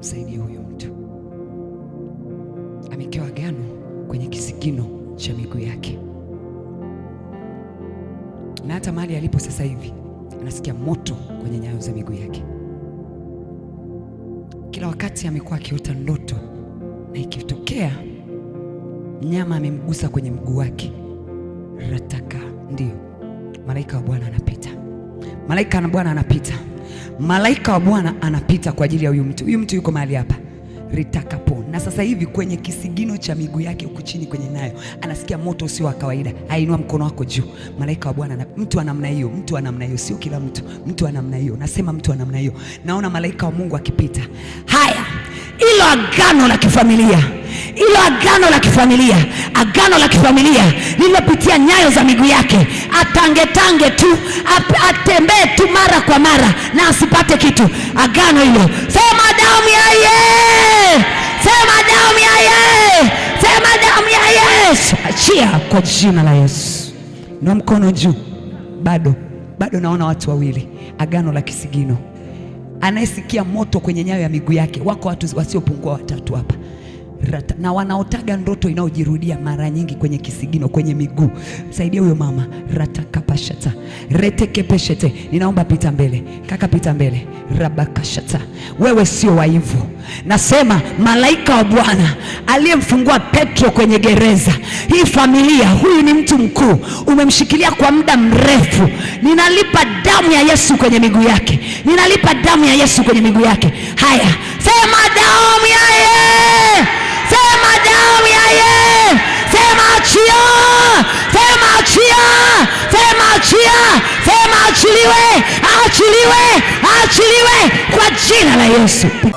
msaidie huyu mtu. amekewa gano kwenye kisigino cha miguu yake, na hata mahali alipo sasa hivi anasikia moto kwenye nyayo za miguu yake. Kila wakati amekuwa akiota ndoto, na ikitokea mnyama amemgusa kwenye mguu wake, rataka, ndio malaika wa Bwana anapita, malaika wa Bwana anapita Malaika wa Bwana anapita kwa ajili ya huyu mtu. Huyu mtu yuko mahali hapa ritakapo, na sasa hivi kwenye kisigino cha miguu yake huku chini kwenye nayo anasikia moto usio wa kawaida. Ainua mkono wako juu. Malaika wa Bwana, mtu wa namna hiyo, mtu wa namna hiyo, sio kila mtu, mtu wa namna hiyo. Nasema mtu wa namna hiyo, naona malaika wa Mungu akipita. Haya, ilo agano la kifamilia, ilo agano la kifamilia agano la kifamilia lililopitia nyayo za miguu yake, atangetange tu atembee tu mara kwa mara na asipate kitu. Agano hilo, sema damu ya ye, sema damu ya ye, sema damu ya Yesu, achia kwa jina la Yesu. Na mkono juu, bado bado naona watu wawili, agano la kisigino, anayesikia moto kwenye nyayo ya miguu yake. Wako watu wasiopungua watatu hapa rata, na wanaotaga ndoto inayojirudia mara nyingi kwenye kisigino, kwenye miguu. Msaidie huyo mama ratakapashata retekepeshete. Ninaomba pita mbele kaka, pita mbele rabakashata. Wewe sio waivu, nasema malaika wa Bwana aliyemfungua Petro kwenye gereza, hii familia, huyu ni mtu mkuu, umemshikilia kwa muda mrefu. Ninalipa damu ya Yesu kwenye miguu yake, ninalipa damu ya Yesu kwenye miguu yake. Haya, sema Achiliwe, achiliwe kwa jina la Yesu.